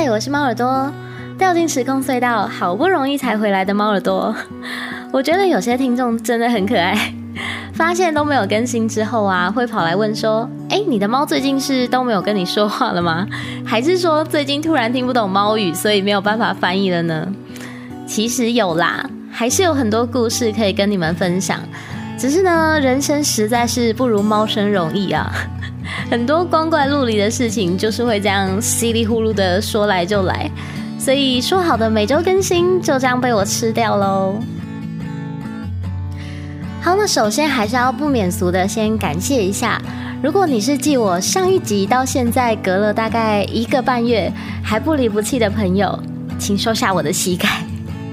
嗨，Hi, 我是貓耳朵，掉進時空隧道，好不容易才回來的貓耳朵。 我覺得有些聽眾真的很可愛，發現都沒有更新之後啊，會跑來問說：“哎、欸，你的貓最近是都沒有跟你說話了嗎？還是說最近突然聽不懂貓語，所以沒有辦法翻譯了呢？”其實有啦，還是有很多故事可以跟你們分享，只是呢，人生實在是不如貓生容易啊。很多光怪陸離的事情，就是會這樣稀里糊塗的說來就來，所以說好的每周更新就這樣被我吃掉嘍。好，那首先還是要不免俗的先感謝一下，如果你是繼我上一集到現在隔了大概一個半月還不離不棄的朋友，請收下我的膝蓋。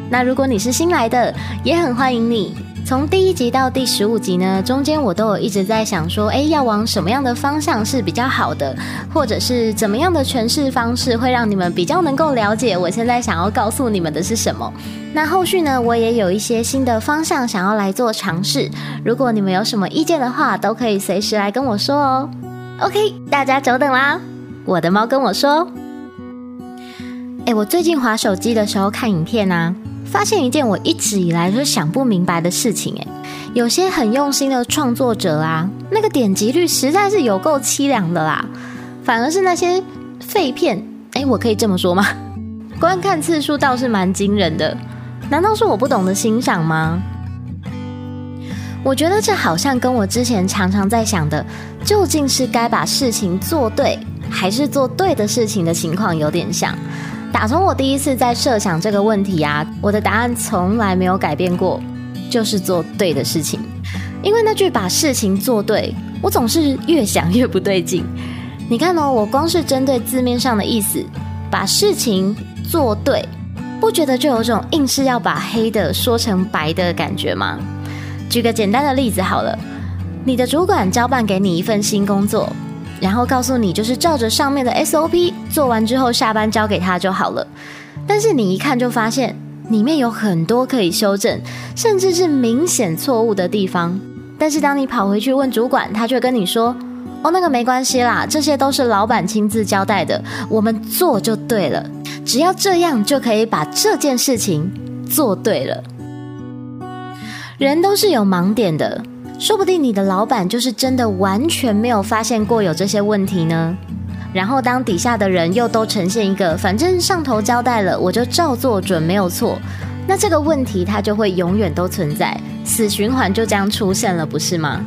那如果你是新來的，也很歡迎你。從第一集到第十五集呢，中間我都有一直在想說，哎，要往什麼樣的方向是比較好的，或者是怎麼樣的詮釋方式會讓你們比較能夠了解我現在想要告訴你們的是什麼？那後續呢，我也有一些新的方向想要來做嘗試。如果你們有什麼意見的話，都可以隨時來跟我說哦。OK，大家久等啦！我的貓跟我說，哎，我最近滑手機的時候看影片啊。發現一件我一直以來都想不明白的事情。誒，有些很用心的創作者啊，那個點擊率實在是有夠淒涼的啦。反而是那些廢片，誒，我可以這麼說嗎？觀看次數倒是蠻驚人的。難道是我不懂得欣賞嗎？我覺得這好像跟我之前常常在想的，究竟是該把事情做對，還是做對的事情的情況有點像。打從我第一次在設想這個問題啊，我的答案從來沒有改變過，就是做對的事情。因為那句“把事情做對”，我總是越想越不對勁。你看哦，我光是針對字面上的意思，“把事情做對”，不覺得就有種硬是要把黑的說成白的感覺嗎？舉個簡單的例子好了，你的主管交辦給你一份新工作。然後告訴你，就是照着上面的 SOP 做完之後，下班交給他就好了。但是你一看就發現，裡面有很多可以修正，甚至是明顯錯誤的地方。但是當你跑回去問主管，他卻跟你說：“哦，那個沒關係啦，這些都是老闆親自交代的，我們做就對了，只要這樣就可以把這件事情做對了。”人都是有盲點的。說不定你的老闆就是真的完全沒有發現過有這些問題呢。然後當底下的人又都呈現一個，反正上頭交代了，我就照做，準沒有錯。那這個問題它就會永遠都存在，死循環就這樣出現了，不是嗎？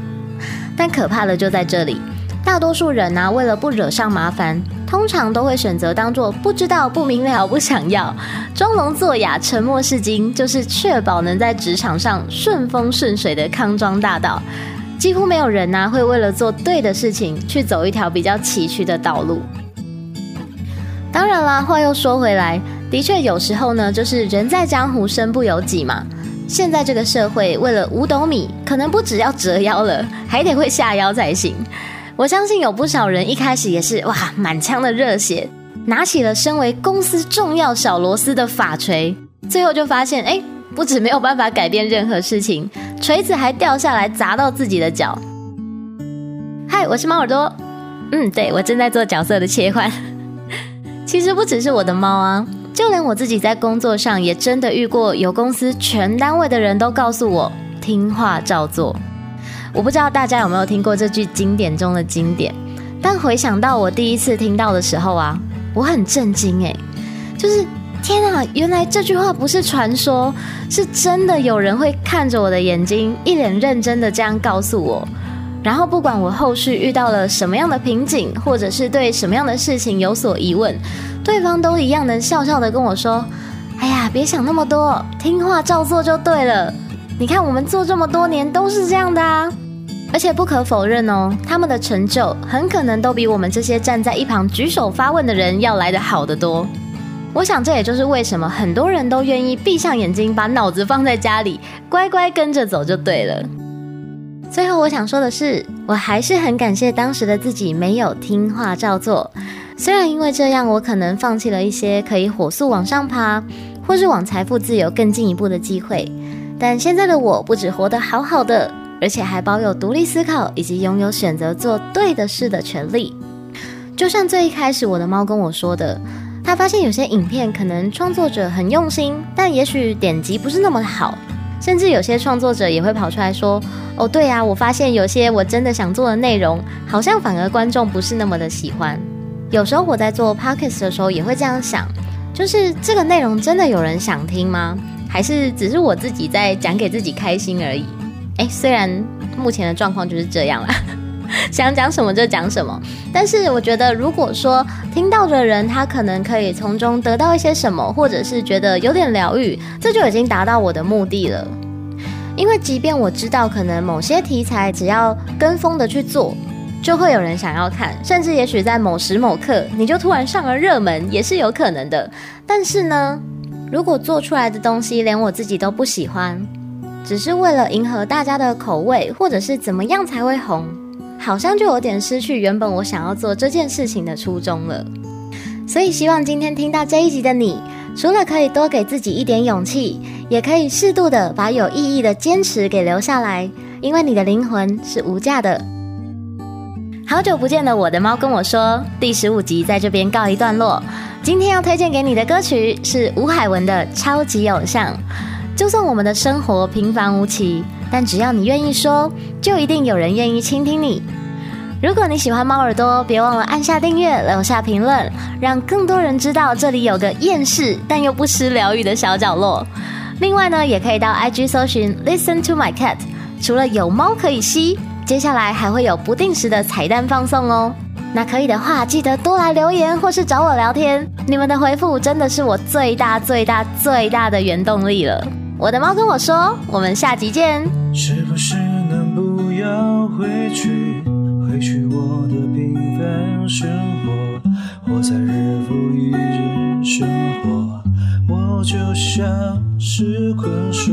但可怕的就在這裡，大多數人呢、啊，為了不惹上麻煩。通常都會選擇當做不知道、不明了、不想要，裝聾作啞、沉默是金，就是確保能在職場上順風順水的康莊大道。幾乎沒有人吶、啊，會為了做對的事情去走一條比較崎嶇的道路。當然啦，話又說回來，的確有時候呢，就是人在江湖身不由己嘛。現在這個社會，為了五斗米，可能不只要折腰了，還得會下腰才行。我相信有不少人一開始也是哇，滿腔的熱血，拿起了身為公司重要小螺絲的法錘，最後就發現，哎，不止沒有辦法改變任何事情，錘子還掉下來砸到自己的腳。嗨，我是貓耳朵。嗯，對，我正在做角色的切換。其實不只是我的貓啊，就連我自己在工作上也真的遇過，有公司全單位的人都告訴我，聽話照做。我不知道大家有沒有聽過這句經典中的經典，但回想到我第一次聽到的時候啊，我很震驚誒，欸，就是天啊，原來這句話不是傳說，是真的有人會看着我的眼睛，一臉認真的這樣告訴我，然後不管我後續遇到了什麼樣的瓶頸，或者是對什麼樣的事情有所疑問，對方都一樣能笑笑的跟我說，哎呀，別想那麼多，聽話照做就對了。你看，我們做這麼多年都是這樣的啊，而且不可否認哦，他們的成就很可能都比我們這些站在一旁舉手發問的人要來得好得多。我想，這也就是為什麼很多人都願意閉上眼睛，把腦子放在家裡，乖乖跟着走就對了。最後，我想說的是，我還是很感謝當時的自己沒有聽話照做，雖然因為這樣，我可能放棄了一些可以火速往上爬，或是往財富自由更進一步的機會。但現在的我不止活得好好的，而且還保有獨立思考以及擁有選擇做對的事的權利。就像最一開始我的貓跟我說的，他發現有些影片可能創作者很用心，但也許點擊不是那麼好，甚至有些創作者也會跑出來說：“哦，對呀，我發現有些我真的想做的內容，好像反而觀眾不是那麼的喜歡。”有時候我在做 Podcast 的時候也會這樣想，就是這個內容真的有人想聽嗎？還是只是我自己在講給自己開心而已。誒，雖然目前的狀況就是這樣啦，想講什麼就講什麼。但是我覺得，如果說聽到的人他可能可以從中得到一些什麼，或者是覺得有點療癒，這就已經達到我的目的了。因為即便我知道，可能某些題材只要跟風的去做，就會有人想要看，甚至也許在某時某刻你就突然上了熱門，也是有可能的。但是呢，如果做出來的東西連我自己都不喜歡，只是為了迎合大家的口味，或者是怎麼樣才會紅，好像就有點失去原本我想要做這件事情的初衷了。所以希望今天聽到這一集的你，除了可以多給自己一點勇氣，也可以適度的把有意義的堅持給留下來，因為你的靈魂是無價的。好久不見的我的貓跟我說，第十五集在這邊告一段落。今天要推薦給你的歌曲是吳海文的《超級偶像》。就算我們的生活平凡無奇，但只要你願意說，就一定有人願意傾聽你。如果你喜歡貓耳朵，別忘了按下訂閱，留下評論，讓更多人知道這裡有個厭世但又不失療癒的小角落。另外呢，也可以到 IG 搜尋 Listen to My Cat，除了有貓可以吸。接下來還會有不定時的彩蛋放送哦，那可以的話，記得多來留言或是找我聊天，你們的回復真的是我最大最大最大的原動力了。我的貓跟我說，我們下集見。是不是能不要回去回去，我的平凡生活，活在日復一日生活，我就像是困獸，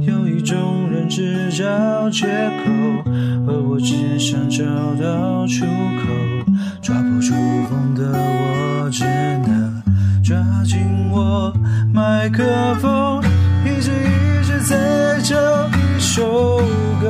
有一種人只找借口，而我只想找到出口，抓不住風的我，只能抓緊我麥克風，一直一直在找一首歌。